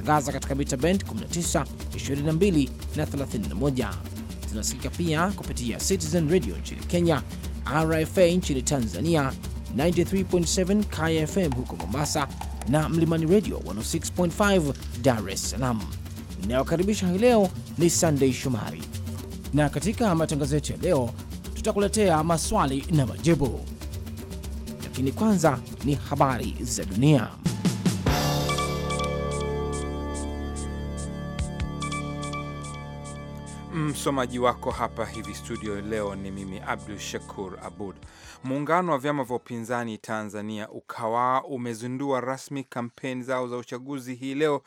inatangaza katika mita bend 19, 22 na 31. Zinasikika pia kupitia Citizen Radio nchini Kenya, RFA nchini Tanzania, 93.7 KFM huko Mombasa na Mlimani Radio 106.5 Dar es Salaam. Inayokaribisha hii leo ni Sunday Shomari, na katika matangazo yetu ya leo tutakuletea maswali na majibu, lakini kwanza ni habari za dunia. Msomaji wako hapa hivi studio leo ni mimi Abdul Shakur Abud. Muungano wa vyama vya upinzani Tanzania, UKAWA, umezindua rasmi kampeni zao za uchaguzi hii leo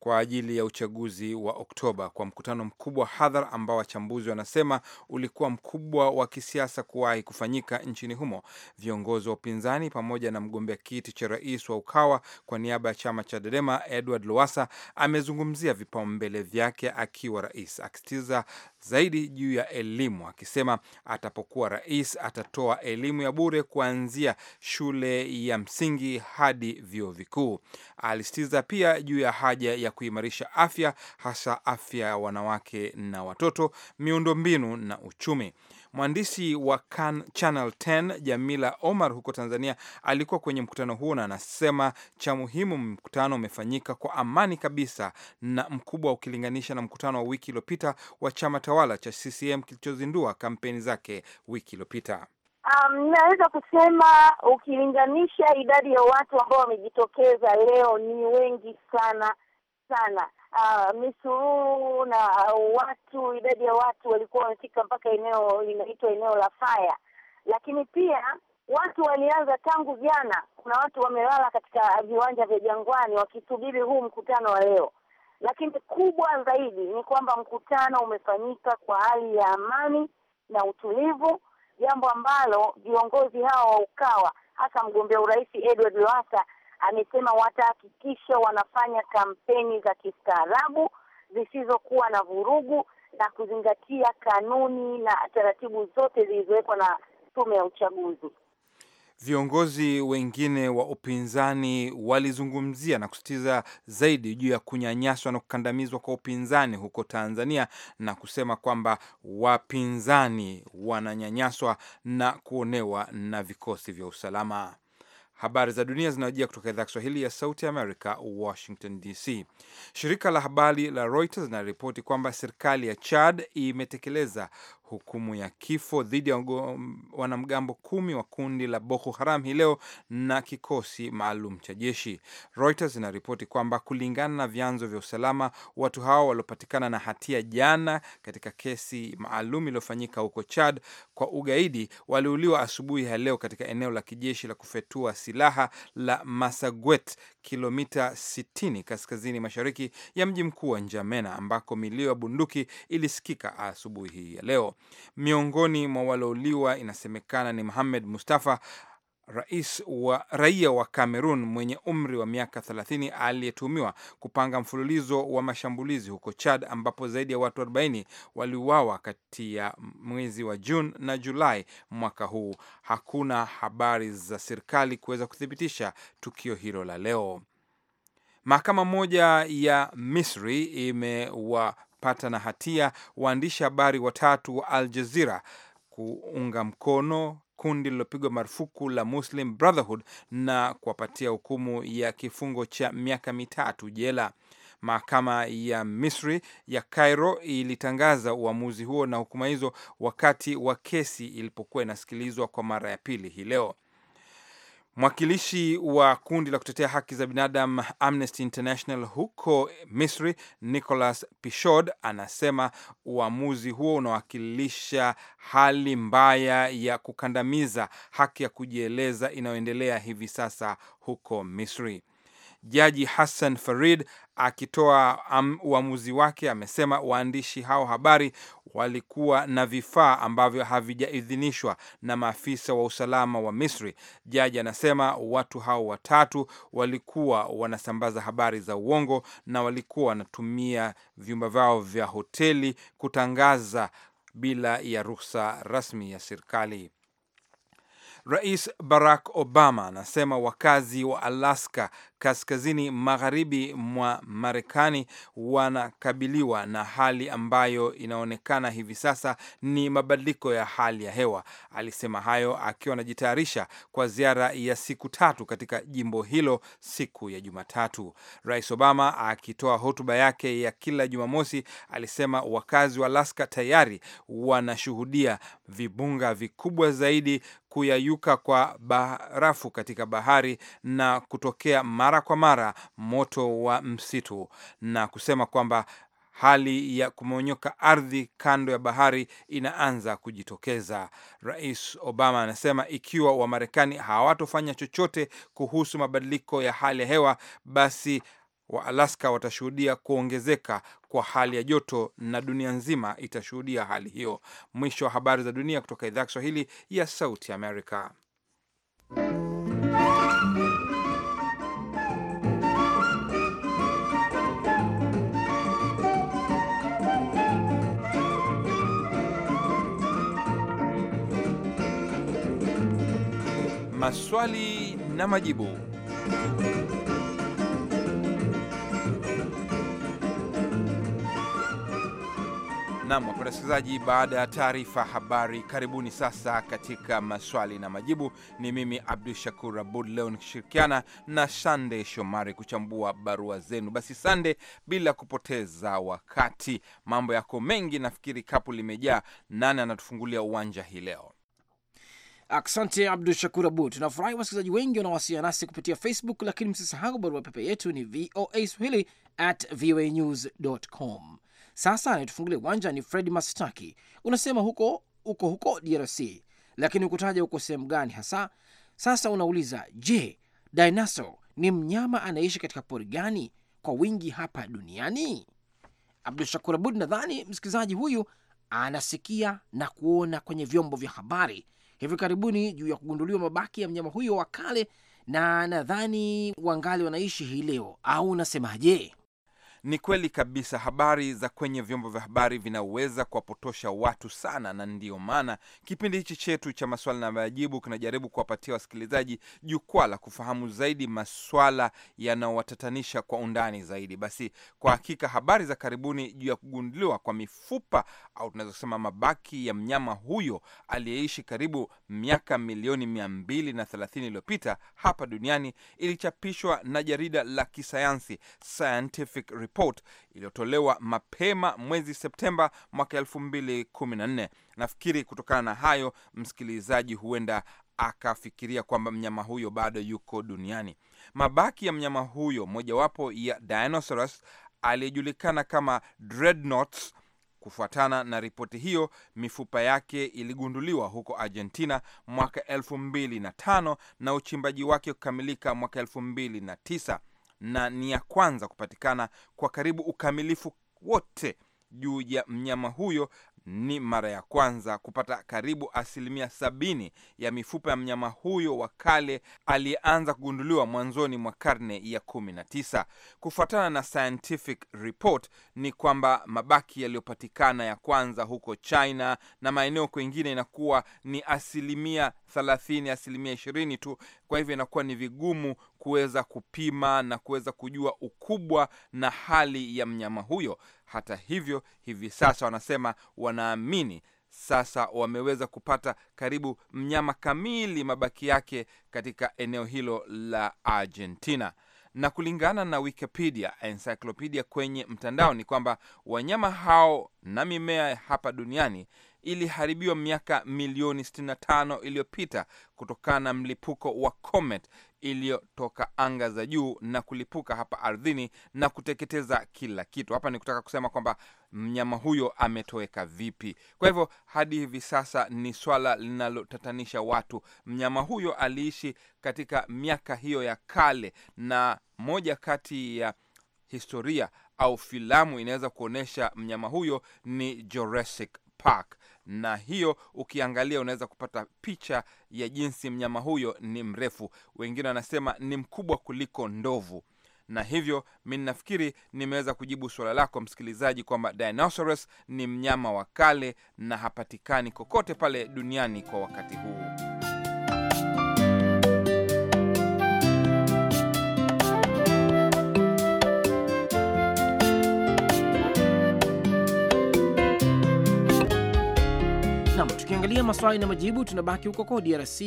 kwa ajili ya uchaguzi wa Oktoba kwa mkutano mkubwa hadhar ambao wachambuzi wanasema ulikuwa mkubwa wa kisiasa kuwahi kufanyika nchini humo. Viongozi wa upinzani pamoja na mgombea kiti cha rais wa Ukawa kwa niaba ya chama cha dedema Edward Lowasa amezungumzia vipaumbele vyake akiwa rais, akisitiza zaidi juu ya elimu, akisema atapokuwa rais atatoa elimu ya bure kuanzia shule ya msingi hadi vyuo vikuu. Alisitiza pia juu ya haja ya ya kuimarisha afya hasa afya ya wanawake na watoto, miundombinu na uchumi. Mwandishi wa Can Channel 10 Jamila Omar huko Tanzania alikuwa kwenye mkutano huo na anasema cha muhimu, mkutano umefanyika kwa amani kabisa na mkubwa ukilinganisha na mkutano wa wiki iliyopita wa chama tawala cha CCM kilichozindua kampeni zake wiki iliyopita. Um, naweza kusema ukilinganisha idadi ya watu ambao wamejitokeza leo ni wengi sana sana uh, ah, misururu na uh, watu, idadi ya watu walikuwa wamefika mpaka eneo linaitwa eneo la faya, lakini pia watu walianza tangu jana. Kuna watu wamelala katika viwanja vya Jangwani wakisubiri huu mkutano wa leo, lakini kubwa zaidi ni kwamba mkutano umefanyika kwa hali ya amani na utulivu, jambo ambalo viongozi hawa wa UKAWA hasa mgombea urais Edward Lowassa amesema watahakikisha wanafanya kampeni za kistaarabu zisizokuwa na vurugu na kuzingatia kanuni na taratibu zote zilizowekwa na tume ya uchaguzi. Viongozi wengine wa upinzani walizungumzia na kusisitiza zaidi juu ya kunyanyaswa na kukandamizwa kwa upinzani huko Tanzania na kusema kwamba wapinzani wananyanyaswa na kuonewa na vikosi vya usalama. Habari za dunia zinawajia kutoka idhaa Kiswahili ya Sauti ya Amerika, Washington DC. Shirika la habari la Reuters linaripoti kwamba serikali ya Chad imetekeleza hukumu ya kifo dhidi ya wanamgambo kumi wa kundi la Boko Haram hii leo na kikosi maalum cha jeshi. Reuters inaripoti kwamba kulingana na vyanzo vya usalama, watu hao waliopatikana na hatia jana katika kesi maalum iliyofanyika huko Chad kwa ugaidi waliuliwa asubuhi ya leo katika eneo la kijeshi la kufetua silaha la masaguet kilomita 60 kaskazini mashariki ya mji mkuu wa Njamena, ambako milio ya bunduki ilisikika asubuhi hii ya leo. Miongoni mwa waliouliwa inasemekana ni muhamed Mustafa, rais wa raia wa Kamerun mwenye umri wa miaka 30 aliyetuhumiwa kupanga mfululizo wa mashambulizi huko Chad, ambapo zaidi ya watu 40 waliuawa kati ya mwezi wa Juni na Julai mwaka huu. Hakuna habari za serikali kuweza kuthibitisha tukio hilo la leo. Mahakama moja ya Misri imewa kupata na hatia waandishi habari watatu wa Al Jazeera kuunga mkono kundi lililopigwa marufuku la Muslim Brotherhood na kuwapatia hukumu ya kifungo cha miaka mitatu jela. Mahakama ya Misri ya Cairo ilitangaza uamuzi huo na hukuma hizo wakati wa kesi ilipokuwa inasikilizwa kwa mara ya pili hii leo. Mwakilishi wa kundi la kutetea haki za binadamu Amnesty International huko Misri, Nicolas Pishod, anasema uamuzi huo unawakilisha hali mbaya ya kukandamiza haki ya kujieleza inayoendelea hivi sasa huko Misri. Jaji Hassan Farid akitoa uamuzi wake amesema waandishi hao habari walikuwa na vifaa ambavyo havijaidhinishwa na maafisa wa usalama wa Misri. Jaji anasema watu hao watatu walikuwa wanasambaza habari za uongo na walikuwa wanatumia vyumba vyao vya hoteli kutangaza bila ya ruhusa rasmi ya serikali. Rais Barack Obama anasema wakazi wa Alaska kaskazini magharibi mwa Marekani wanakabiliwa na hali ambayo inaonekana hivi sasa ni mabadiliko ya hali ya hewa. Alisema hayo akiwa anajitayarisha kwa ziara ya siku tatu katika jimbo hilo siku ya Jumatatu. Rais Obama akitoa hotuba yake ya kila Jumamosi alisema wakazi wa Alaska tayari wanashuhudia vibunga vikubwa zaidi kuyayuka kwa barafu katika bahari na kutokea mara kwa mara moto wa msitu na kusema kwamba hali ya kumonyoka ardhi kando ya bahari inaanza kujitokeza. Rais Obama anasema ikiwa Wamarekani hawatofanya chochote kuhusu mabadiliko ya hali ya hewa, basi wa Alaska watashuhudia kuongezeka kwa hali ya joto na dunia nzima itashuhudia hali hiyo. Mwisho wa habari za dunia kutoka idhaa ya Kiswahili ya Sauti Amerika. Maswali na majibu. Nam wapenda wasikilizaji, baada ya taarifa habari, karibuni sasa katika maswali na majibu. Ni mimi Abdu Shakur Abud, leo nikishirikiana na Sande Shomari kuchambua barua zenu. Basi Sande, bila kupoteza wakati, mambo yako mengi, nafikiri kapu limejaa. Nani anatufungulia uwanja hii leo? Asante Abdu Shakur Abud, tunafurahi wasikilizaji wengi wanawasiliana nasi kupitia Facebook, lakini msisahau barua pepe yetu ni voa swahili at com sasa anayetufungulia uwanja ni Fred Mastaki. Unasema huko uko huko DRC, lakini ukutaja huko sehemu gani hasa. Sasa unauliza je, dinaso ni mnyama anayeishi katika pori gani kwa wingi hapa duniani? abdu Shakur Abud, nadhani msikilizaji huyu anasikia na kuona kwenye vyombo vya habari hivi karibuni juu ya kugunduliwa mabaki ya mnyama huyo wa kale, na nadhani wangali wanaishi hii leo, au unasemaje? Ni kweli kabisa, habari za kwenye vyombo vya habari vinaweza kuwapotosha watu sana, na ndiyo maana kipindi hichi chetu cha maswala na majibu kinajaribu kuwapatia wasikilizaji jukwaa la kufahamu zaidi maswala yanaowatatanisha kwa undani zaidi. Basi kwa hakika, habari za karibuni juu ya kugunduliwa kwa mifupa au tunaweza kusema mabaki ya mnyama huyo aliyeishi karibu miaka milioni mia mbili na thelathini iliyopita hapa duniani ilichapishwa na jarida la kisayansi Scientific report iliyotolewa mapema mwezi Septemba mwaka 2014. Nafikiri kutokana na hayo, msikilizaji huenda akafikiria kwamba mnyama huyo bado yuko duniani. Mabaki ya mnyama huyo, mojawapo ya Dinosaurus aliyejulikana kama Dreadnoughts. Kufuatana na ripoti hiyo, mifupa yake iligunduliwa huko Argentina mwaka elfu mbili na tano na uchimbaji wake kukamilika mwaka elfu mbili na tisa na ni ya kwanza kupatikana kwa karibu ukamilifu wote juu ya mnyama huyo. Ni mara ya kwanza kupata karibu asilimia sabini ya mifupa ya mnyama huyo wa kale aliyeanza kugunduliwa mwanzoni mwa karne ya kumi na tisa. Kufuatana na scientific report, ni kwamba mabaki yaliyopatikana ya kwanza huko China na maeneo kwengine inakuwa ni asilimia thelathini, asilimia ishirini tu. Kwa hivyo inakuwa ni vigumu kuweza kupima na kuweza kujua ukubwa na hali ya mnyama huyo. Hata hivyo, hivi sasa wanasema wanaamini sasa wameweza kupata karibu mnyama kamili, mabaki yake katika eneo hilo la Argentina. Na kulingana na Wikipedia encyclopedia kwenye mtandao ni kwamba wanyama hao na mimea hapa duniani iliharibiwa miaka milioni 65 iliyopita kutokana na mlipuko wa comet iliyotoka anga za juu na kulipuka hapa ardhini na kuteketeza kila kitu. Hapa ni kutaka kusema kwamba mnyama huyo ametoweka vipi. Kwa hivyo hadi hivi sasa ni swala linalotatanisha watu. Mnyama huyo aliishi katika miaka hiyo ya kale, na moja kati ya historia au filamu inaweza kuonyesha mnyama huyo ni Jurassic Park na hiyo ukiangalia unaweza kupata picha ya jinsi mnyama huyo ni mrefu. Wengine wanasema ni mkubwa kuliko ndovu na hivyo mi nafikiri nimeweza kujibu suala lako msikilizaji, kwamba dinosaurus ni mnyama wa kale na hapatikani kokote pale duniani kwa wakati huu. Nam, tukiangalia maswali na majibu, tunabaki huko kwa DRC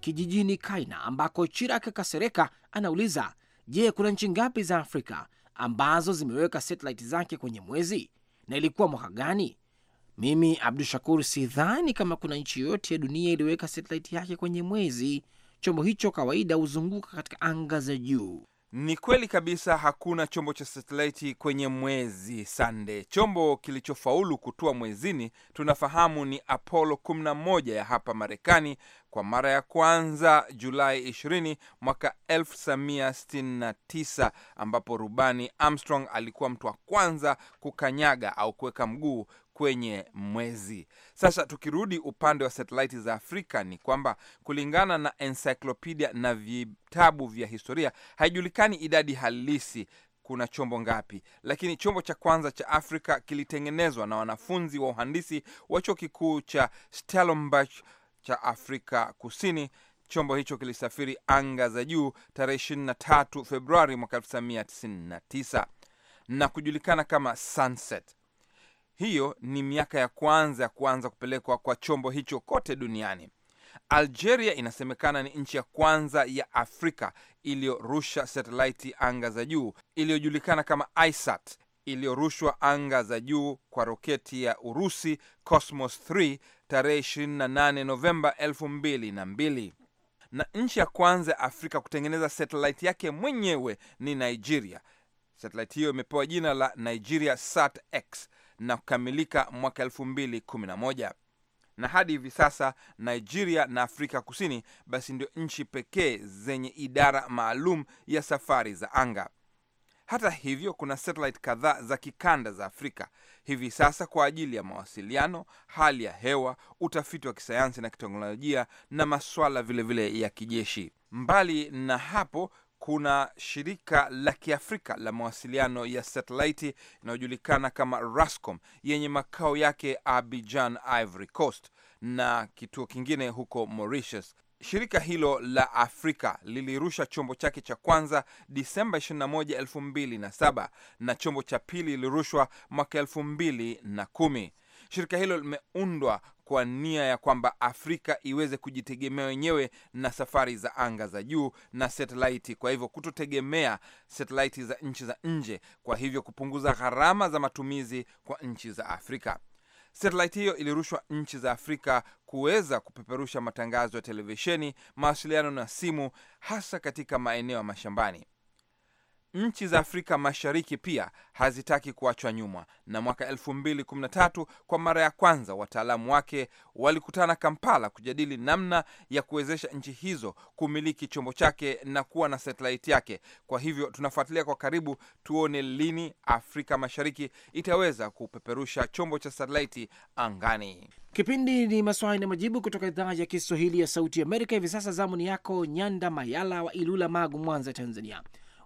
kijijini Kaina ambako Chiraka Kasereka anauliza, je, kuna nchi ngapi za Afrika ambazo zimeweka satelaiti zake kwenye mwezi na ilikuwa mwaka gani? Mimi Abdu Shakur, sidhani kama kuna nchi yoyote ya dunia iliyoweka satelaiti yake kwenye mwezi. Chombo hicho kawaida huzunguka katika anga za juu. Ni kweli kabisa, hakuna chombo cha satelaiti kwenye mwezi sande. Chombo kilichofaulu kutua mwezini tunafahamu ni Apollo 11 ya hapa Marekani kwa mara ya kwanza Julai 20 mwaka 1969, ambapo rubani Armstrong alikuwa mtu wa kwanza kukanyaga au kuweka mguu kwenye mwezi. Sasa tukirudi upande wa satelaiti za Afrika ni kwamba kulingana na encyclopedia na vitabu vya historia, haijulikani idadi halisi kuna chombo ngapi, lakini chombo cha kwanza cha Afrika kilitengenezwa na wanafunzi wa uhandisi wa chuo kikuu cha Stellenbosch cha Afrika Kusini. Chombo hicho kilisafiri anga za juu tarehe 23 Februari mwaka 1999 na kujulikana kama Sunset. Hiyo ni miaka ya kwanza ya kuanza kupelekwa kwa chombo hicho kote duniani. Algeria inasemekana ni nchi ya kwanza ya Afrika iliyorusha satelaiti anga za juu iliyojulikana kama ISAT iliyorushwa anga za juu kwa roketi ya Urusi Cosmos 3 tarehe 28 Novemba 2002. Na nchi ya kwanza ya Afrika kutengeneza satelaiti yake mwenyewe ni Nigeria. Satelaiti hiyo imepewa jina la Nigeria Sat X na kukamilika mwaka 2011 na hadi hivi sasa Nigeria na Afrika Kusini basi ndio nchi pekee zenye idara maalum ya safari za anga. Hata hivyo, kuna satelit kadhaa za kikanda za Afrika hivi sasa kwa ajili ya mawasiliano, hali ya hewa, utafiti wa kisayansi na kiteknolojia na maswala vilevile vile ya kijeshi. Mbali na hapo kuna shirika la Kiafrika la mawasiliano ya satelaiti inayojulikana kama Rascom yenye makao yake Abidjan, Ivory Coast, na kituo kingine huko Mauritius. Shirika hilo la Afrika lilirusha chombo chake cha kwanza Disemba 21, 2007 na chombo cha pili lilirushwa mwaka 2010. Shirika hilo limeundwa kwa nia ya kwamba Afrika iweze kujitegemea wenyewe na safari za anga za juu na satelaiti, kwa hivyo kutotegemea satelaiti za nchi za nje, kwa hivyo kupunguza gharama za matumizi kwa nchi za Afrika. Satelaiti hiyo ilirushwa nchi za Afrika kuweza kupeperusha matangazo ya televisheni, mawasiliano na simu, hasa katika maeneo ya mashambani. Nchi za Afrika Mashariki pia hazitaki kuachwa nyuma, na mwaka 2013 kwa mara ya kwanza wataalamu wake walikutana Kampala kujadili namna ya kuwezesha nchi hizo kumiliki chombo chake na kuwa na satelaiti yake. Kwa hivyo tunafuatilia kwa karibu, tuone lini Afrika Mashariki itaweza kupeperusha chombo cha satelaiti angani. Kipindi ni maswali na majibu kutoka idhaa ya Kiswahili ya Sauti Amerika. Hivi sasa zamu ni yako Nyanda Mayala wa Ilula, Magu, Mwanza, Tanzania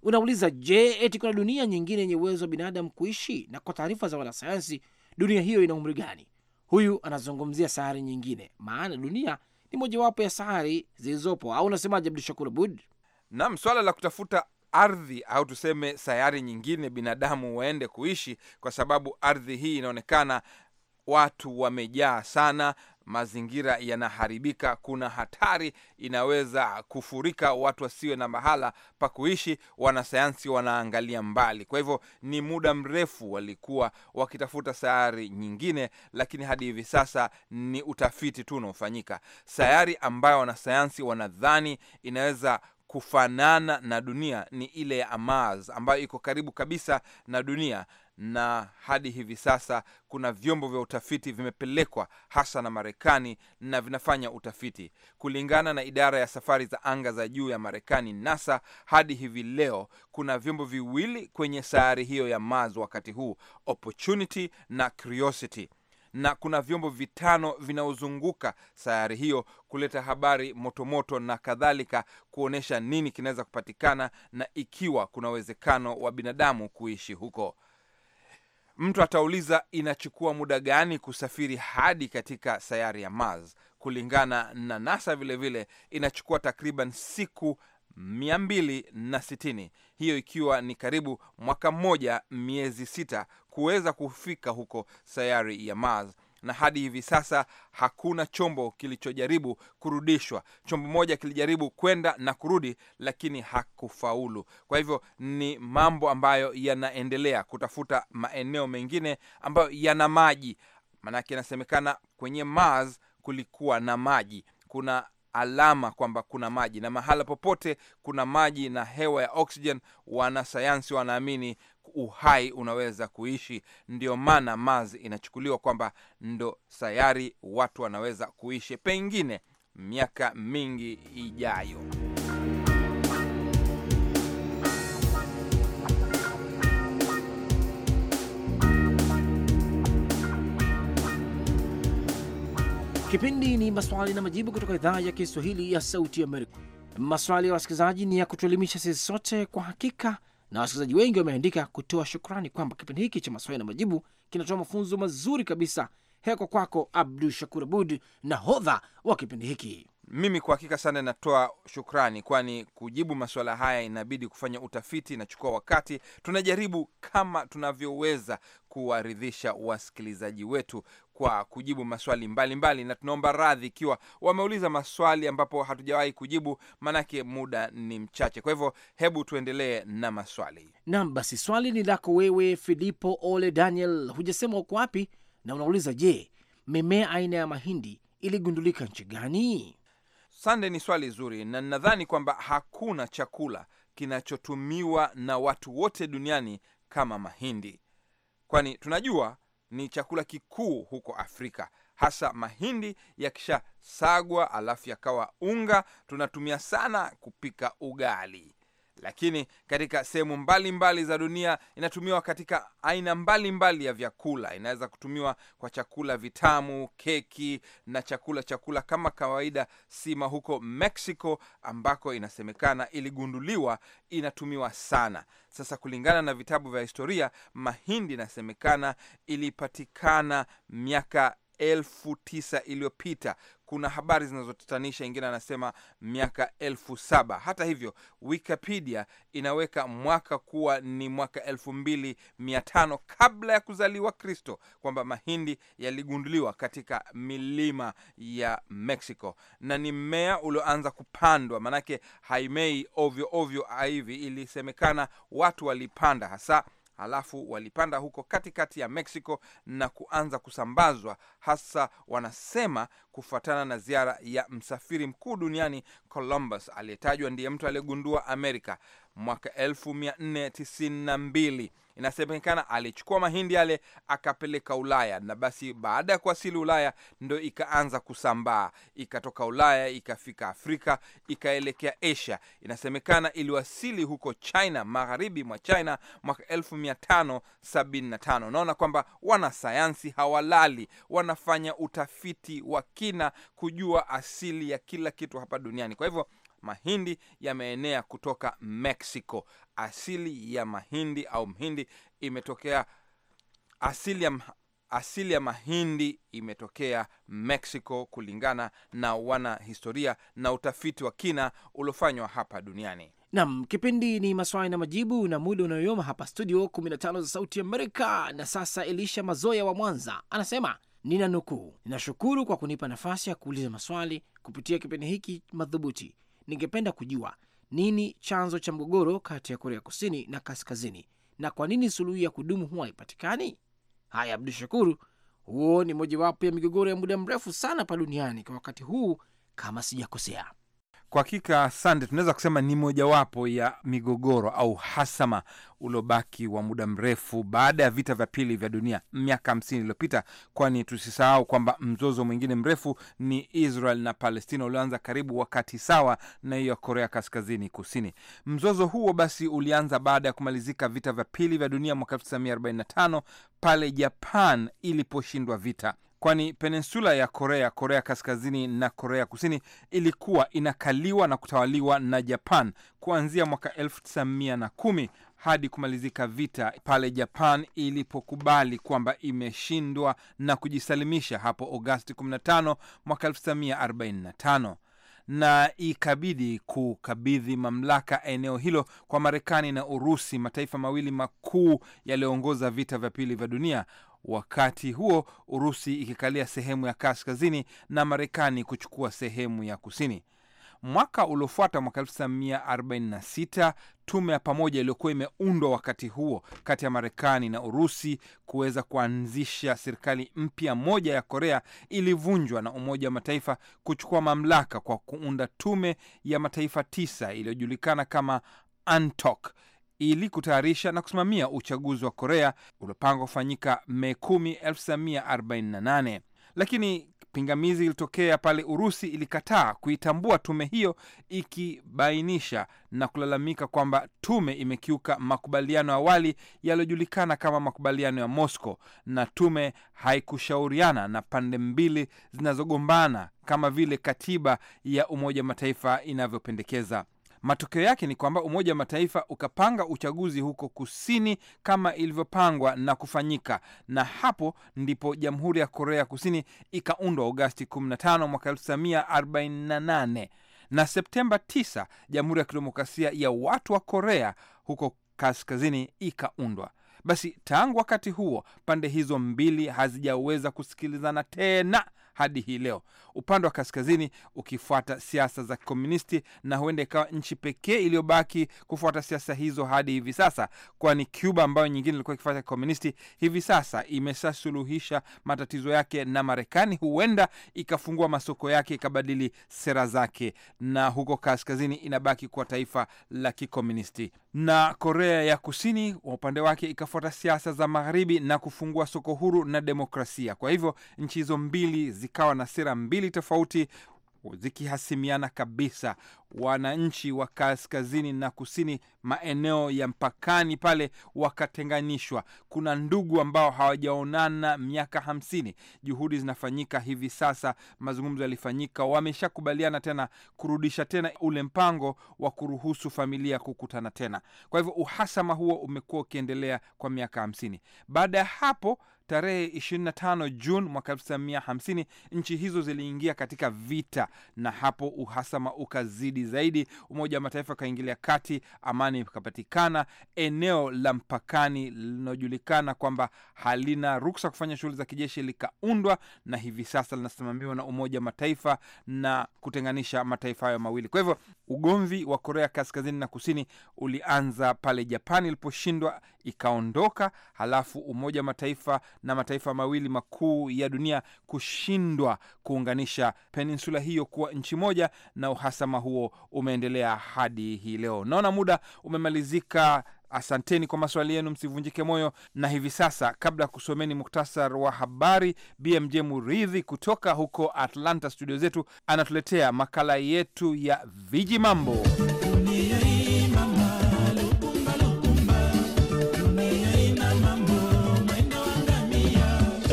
unauliza je, eti kuna dunia nyingine yenye uwezo wa binadamu kuishi? Na kwa taarifa za wanasayansi, dunia hiyo ina umri gani? Huyu anazungumzia sayari nyingine, maana dunia ni mojawapo ya sayari zilizopo, au unasemaje, Abdu Shakur Abud? Nam, swala la kutafuta ardhi au tuseme sayari nyingine binadamu waende kuishi, kwa sababu ardhi hii inaonekana watu wamejaa sana, mazingira yanaharibika, kuna hatari inaweza kufurika, watu wasiwe na mahala pa kuishi. Wanasayansi wanaangalia mbali, kwa hivyo ni muda mrefu walikuwa wakitafuta sayari nyingine, lakini hadi hivi sasa ni utafiti tu unaofanyika. Sayari ambayo wanasayansi wanadhani inaweza kufanana na dunia ni ile ya Mars ambayo iko karibu kabisa na dunia na hadi hivi sasa kuna vyombo vya utafiti vimepelekwa hasa na Marekani na vinafanya utafiti. Kulingana na idara ya safari za anga za juu ya Marekani, NASA, hadi hivi leo kuna vyombo viwili kwenye sayari hiyo ya Mars wakati huu, Opportunity na Curiosity na kuna vyombo vitano vinaozunguka sayari hiyo kuleta habari motomoto na kadhalika, kuonyesha nini kinaweza kupatikana na ikiwa kuna uwezekano wa binadamu kuishi huko. Mtu atauliza inachukua muda gani kusafiri hadi katika sayari ya Mars? Kulingana na NASA vilevile vile, inachukua takriban siku 260 hiyo ikiwa ni karibu mwaka mmoja miezi sita kuweza kufika huko sayari ya Mars na hadi hivi sasa hakuna chombo kilichojaribu kurudishwa. Chombo moja kilijaribu kwenda na kurudi, lakini hakufaulu. Kwa hivyo ni mambo ambayo yanaendelea kutafuta maeneo mengine ambayo yana maji, maanake inasemekana kwenye Mars kulikuwa na maji. Kuna alama kwamba kuna maji na mahala popote kuna maji na hewa ya oxygen, wanasayansi wanaamini uhai unaweza kuishi. Ndio maana Mars inachukuliwa kwamba ndo sayari watu wanaweza kuishi pengine miaka mingi ijayo. Kipindi ni maswali na majibu kutoka idhaa ya Kiswahili ya Sauti Amerika. Maswali ya wasikilizaji ni ya kutuelimisha sisi sote. Kwa hakika na wasikilizaji wengi wameandika kutoa shukrani kwamba kipindi hiki cha maswali na majibu kinatoa mafunzo mazuri kabisa. Heko kwako Abdu Shakur Abud, nahodha wa kipindi hiki. Mimi kwa hakika sana natoa shukrani, kwani kujibu masuala haya inabidi kufanya utafiti, inachukua wakati. Tunajaribu kama tunavyoweza kuwaridhisha wasikilizaji wetu kwa kujibu maswali mbalimbali mbali, na tunaomba radhi ikiwa wameuliza maswali ambapo hatujawahi kujibu, maanake muda ni mchache. Kwa hivyo hebu tuendelee na maswali. Naam, basi swali ni lako wewe Filipo Ole Daniel, hujasema uko wapi na unauliza je, mimea aina ya mahindi iligundulika nchi gani? Sande, ni swali zuri, na nadhani kwamba hakuna chakula kinachotumiwa na watu wote duniani kama mahindi, kwani tunajua ni chakula kikuu huko Afrika, hasa mahindi yakishasagwa alafu yakawa unga, tunatumia sana kupika ugali lakini katika sehemu mbalimbali za dunia inatumiwa katika aina mbalimbali mbali ya vyakula. Inaweza kutumiwa kwa chakula vitamu, keki na chakula chakula kama kawaida sima. Huko Mexico ambako inasemekana iligunduliwa inatumiwa sana. Sasa kulingana na vitabu vya historia, mahindi inasemekana ilipatikana miaka elfu tisa iliyopita. Kuna habari zinazotatanisha, ingine anasema miaka elfu saba. Hata hivyo, Wikipedia inaweka mwaka kuwa ni mwaka elfu mbili mia tano kabla ya kuzaliwa Kristo, kwamba mahindi yaligunduliwa katika milima ya Mexico na ni mmea ulioanza kupandwa, manake haimei ovyo ovyo hivi. Ilisemekana watu walipanda hasa halafu walipanda huko katikati ya Mexico na kuanza kusambazwa, hasa wanasema kufuatana na ziara ya msafiri mkuu duniani Columbus, aliyetajwa ndiye mtu aliyegundua Amerika mwaka 1492 Inasemekana alichukua mahindi yale akapeleka Ulaya, na basi baada ya kuwasili Ulaya ndo ikaanza kusambaa, ikatoka Ulaya ikafika Afrika, ikaelekea Asia. Inasemekana iliwasili huko China, magharibi mwa China mwaka 1575. Unaona kwamba wanasayansi hawalali, wanafanya utafiti wa kina kujua asili ya kila kitu hapa duniani. Kwa hivyo mahindi yameenea kutoka Mexico asili ya mahindi au mhindi imetokea asili ya, asili ya mahindi imetokea Mexico, kulingana na wanahistoria na utafiti wa kina uliofanywa hapa duniani. Nam, kipindi ni maswali na majibu na muda unayoyoma hapa studio 15 za Sauti Amerika. Na sasa Elisha Mazoya wa Mwanza anasema nina nukuu, ninashukuru kwa kunipa nafasi ya kuuliza maswali kupitia kipindi hiki madhubuti. Ningependa kujua nini chanzo cha mgogoro kati ya Korea Kusini na Kaskazini na kwa nini suluhu ya kudumu huwa haipatikani? Haya, Abdu Shakuru, huo ni mojawapo ya migogoro ya muda mrefu sana pa duniani kwa wakati huu, kama sijakosea. Kwa hakika sande, tunaweza kusema ni mojawapo ya migogoro au hasama uliobaki wa muda mrefu baada ya vita vya pili vya dunia miaka hamsini iliyopita, kwani tusisahau kwamba mzozo mwingine mrefu ni Israel na Palestina ulioanza karibu wakati sawa na hiyo ya Korea Kaskazini Kusini. Mzozo huo basi ulianza baada ya kumalizika vita vya pili vya dunia mwaka 1945 pale Japan iliposhindwa vita kwani peninsula ya Korea, Korea Kaskazini na Korea Kusini ilikuwa inakaliwa na kutawaliwa na Japan kuanzia mwaka 1910 hadi kumalizika vita pale Japan ilipokubali kwamba imeshindwa na kujisalimisha hapo Agosti 15 mwaka 1945 na ikabidi kukabidhi mamlaka eneo hilo kwa Marekani na Urusi, mataifa mawili makuu yaliyoongoza vita vya pili vya dunia, wakati huo Urusi ikikalia sehemu ya kaskazini na Marekani kuchukua sehemu ya kusini. Mwaka uliofuata mwaka 1946 tume ya pamoja iliyokuwa imeundwa wakati huo kati ya Marekani na Urusi kuweza kuanzisha serikali mpya moja ya Korea ilivunjwa na Umoja wa Mataifa kuchukua mamlaka kwa kuunda tume ya mataifa tisa iliyojulikana kama Antok ili kutayarisha na kusimamia uchaguzi wa Korea uliopangwa kufanyika Mei 10, 1948 lakini pingamizi ilitokea pale Urusi ilikataa kuitambua tume hiyo, ikibainisha na kulalamika kwamba tume imekiuka makubaliano ya awali yaliyojulikana kama makubaliano ya Moscow, na tume haikushauriana na pande mbili zinazogombana kama vile katiba ya Umoja Mataifa inavyopendekeza. Matokeo yake ni kwamba Umoja wa Mataifa ukapanga uchaguzi huko kusini kama ilivyopangwa na kufanyika, na hapo ndipo Jamhuri ya Korea Kusini ikaundwa Agosti 15 mwaka 1948 na Septemba 9 Jamhuri ya Kidemokrasia ya Watu wa Korea huko kaskazini ikaundwa. Basi tangu wakati huo pande hizo mbili hazijaweza kusikilizana tena hadi hii leo, upande wa kaskazini ukifuata siasa za kikomunisti, na huenda ikawa nchi pekee iliyobaki kufuata siasa hizo hadi hivi sasa, kwani Cuba ambayo nyingine ilikuwa ikifuata kikomunisti hivi sasa imeshasuluhisha matatizo yake, na Marekani huenda ikafungua masoko yake ikabadili sera zake, na huko kaskazini inabaki kuwa taifa la kikomunisti na Korea ya Kusini kwa upande wake ikafuata siasa za magharibi na kufungua soko huru na demokrasia. Kwa hivyo nchi hizo mbili zikawa na sera mbili tofauti zikihasimiana kabisa. Wananchi wa kaskazini na kusini, maeneo ya mpakani pale, wakatenganishwa. Kuna ndugu ambao hawajaonana miaka hamsini. Juhudi zinafanyika hivi sasa, mazungumzo yalifanyika, wameshakubaliana tena kurudisha tena ule mpango wa kuruhusu familia kukutana tena. Kwa hivyo uhasama huo umekuwa ukiendelea kwa miaka hamsini. Baada ya hapo tarehe 25 Juni mwaka 1950 nchi hizo ziliingia katika vita, na hapo uhasama ukazidi zaidi. Umoja wa Mataifa ukaingilia kati, amani ikapatikana. Eneo la mpakani linaojulikana kwamba halina ruksa kufanya shughuli za kijeshi likaundwa, na hivi sasa linasimamiwa na Umoja wa Mataifa na kutenganisha mataifa hayo mawili. Kwa hivyo ugomvi wa Korea Kaskazini na Kusini ulianza pale Japani iliposhindwa ikaondoka, halafu Umoja wa Mataifa na mataifa mawili makuu ya dunia kushindwa kuunganisha peninsula hiyo kuwa nchi moja, na uhasama huo umeendelea hadi hii leo. Naona muda umemalizika. Asanteni kwa maswali yenu, msivunjike moyo. Na hivi sasa, kabla ya kusomeni muktasar wa habari, BMJ Muridhi kutoka huko Atlanta studio zetu anatuletea makala yetu ya viji mambo.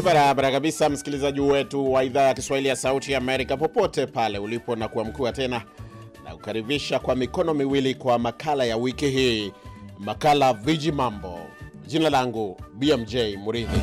Barabara kabisa, msikilizaji wetu wa idhaa ya Kiswahili ya Sauti ya Amerika, popote pale ulipo, na kuamkiwa tena na kukaribisha kwa mikono miwili kwa makala ya wiki hii, makala Viji Mambo. Jina langu BMJ Muridhi.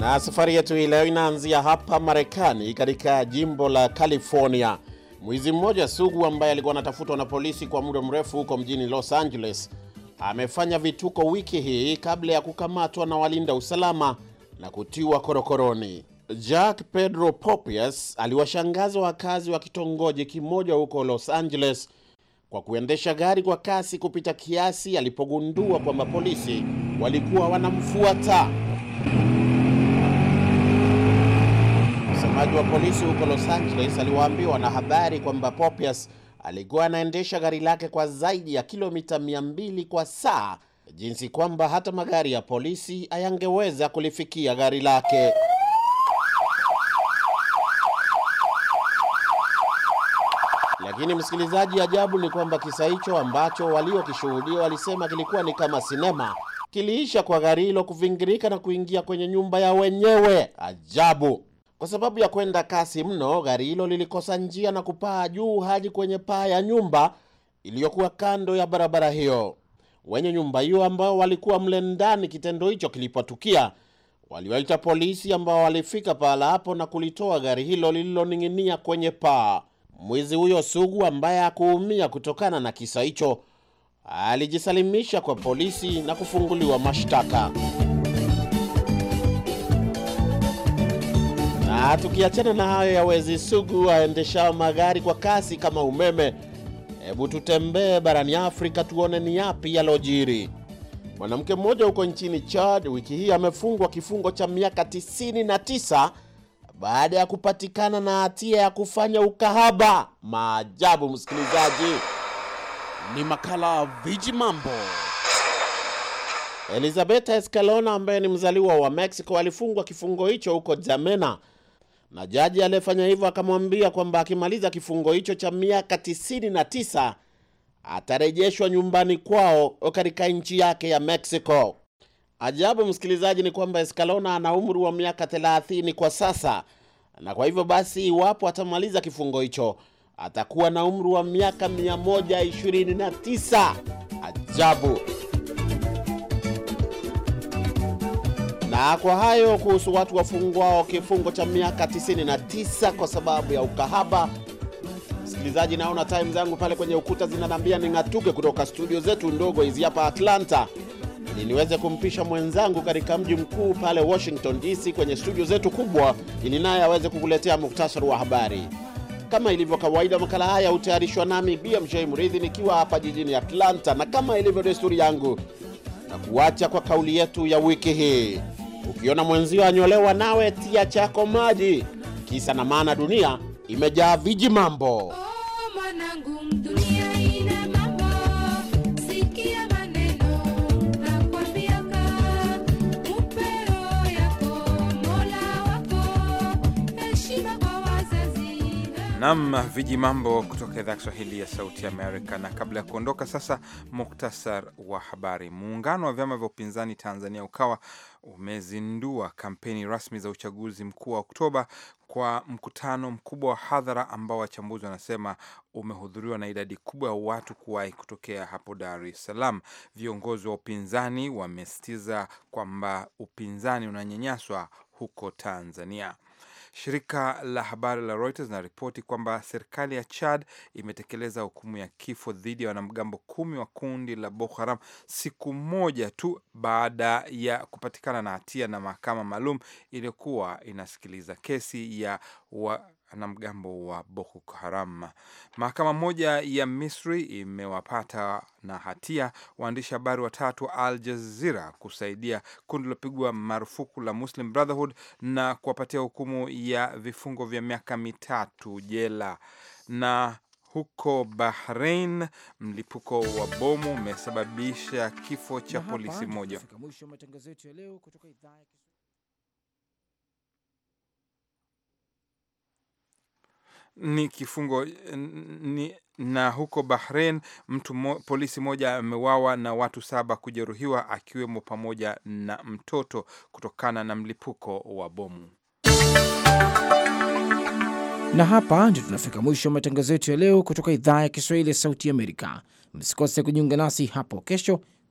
Na safari yetu hii leo inaanzia hapa Marekani, katika jimbo la California Mwizi mmoja sugu ambaye alikuwa anatafutwa na polisi kwa muda mrefu huko mjini Los Angeles amefanya vituko wiki hii kabla ya kukamatwa na walinda usalama na kutiwa korokoroni. Jack Pedro Popius aliwashangaza wakazi wa kitongoji kimoja huko Los Angeles kwa kuendesha gari kwa kasi kupita kiasi alipogundua kwamba polisi walikuwa wanamfuata. Msemaji wa polisi huko Los Angeles aliwaambia wanahabari kwamba Popius alikuwa anaendesha gari lake kwa zaidi ya kilomita 200 kwa saa, jinsi kwamba hata magari ya polisi hayangeweza kulifikia gari lake. Lakini msikilizaji, ajabu ni kwamba kisa hicho ambacho waliokishuhudia walisema kilikuwa ni kama sinema kiliisha kwa gari hilo kuvingirika na kuingia kwenye nyumba ya wenyewe. Ajabu. Kwa sababu ya kwenda kasi mno, gari hilo lilikosa njia na kupaa juu hadi kwenye paa ya nyumba iliyokuwa kando ya barabara hiyo. Wenye nyumba hiyo ambao walikuwa mle ndani kitendo hicho kilipotukia, waliwaita polisi ambao walifika pahala hapo na kulitoa gari hilo lililoning'inia kwenye paa. Mwizi huyo sugu ambaye hakuumia kutokana na kisa hicho alijisalimisha kwa polisi na kufunguliwa mashtaka. tukiachana na hayo ya wezi sugu waendeshao magari kwa kasi kama umeme, hebu tutembee barani Afrika tuone ni yapi yalojiri. Mwanamke mmoja huko nchini Chad wiki hii amefungwa kifungo cha miaka 99 baada ya kupatikana na hatia ya kufanya ukahaba. Maajabu, msikilizaji, ni makala Viji Mambo. Elizabeth Escalona ambaye ni mzaliwa wa Mexico alifungwa kifungo hicho huko Jamena na jaji aliyefanya hivyo akamwambia kwamba akimaliza kifungo hicho cha miaka 99 atarejeshwa nyumbani kwao katika nchi yake ya Mexico. Ajabu msikilizaji, ni kwamba Escalona ana umri wa miaka 30 kwa sasa, na kwa hivyo basi, iwapo atamaliza kifungo hicho atakuwa na umri wa miaka 129. Ajabu. Na kwa hayo kuhusu watu wafungwao kifungo cha miaka 99 kwa sababu ya ukahaba. Msikilizaji, naona time zangu pale kwenye ukuta zinanambia ning'atuke kutoka studio zetu ndogo hizi hapa Atlanta ili niweze kumpisha mwenzangu katika mji mkuu pale Washington DC kwenye studio zetu kubwa, ili naye aweze kukuletea muktasari wa habari. Kama ilivyo kawaida, makala haya hutayarishwa nami BMJ Mridhi nikiwa hapa jijini Atlanta, na kama ilivyo desturi yangu, na kuacha kwa kauli yetu ya wiki hii Ukiona mwenzio anyolewa nawe tia chako maji. Kisa na maana dunia imejaa viji mambo. Oh, Nam viji mambo kutoka idhaa Kiswahili ya Sauti Amerika. Na kabla ya kuondoka sasa, muktasar wa habari. Muungano wa vyama vya upinzani Tanzania Ukawa umezindua kampeni rasmi za uchaguzi mkuu wa Oktoba kwa mkutano mkubwa wa hadhara ambao wachambuzi wanasema umehudhuriwa na idadi kubwa ya watu kuwahi kutokea hapo Dar es Salaam. Viongozi wa upinzani wamesitiza kwamba upinzani unanyanyaswa huko Tanzania. Shirika la habari la Reuters linaripoti kwamba serikali ya Chad imetekeleza hukumu ya kifo dhidi ya wanamgambo kumi wa kundi la Boko Haram siku moja tu baada ya kupatikana na hatia na mahakama maalum iliyokuwa inasikiliza kesi ya wa wanamgambo wa Boko Haram. Mahakama moja ya Misri imewapata na hatia waandishi habari watatu wa Al Jazeera kusaidia kundi lilopigwa marufuku la Muslim Brotherhood na kuwapatia hukumu ya vifungo vya miaka mitatu jela. Na huko Bahrain, mlipuko wa bomu umesababisha kifo cha polisi moja ni kifungo ni, na huko Bahrain mtu mo, polisi mmoja amewawa na watu saba kujeruhiwa akiwemo pamoja na mtoto kutokana na mlipuko wa bomu. Na hapa ndio tunafika mwisho wa matangazo yetu ya leo kutoka idhaa ya Kiswahili ya Sauti Amerika. Msikose kujiunga nasi hapo kesho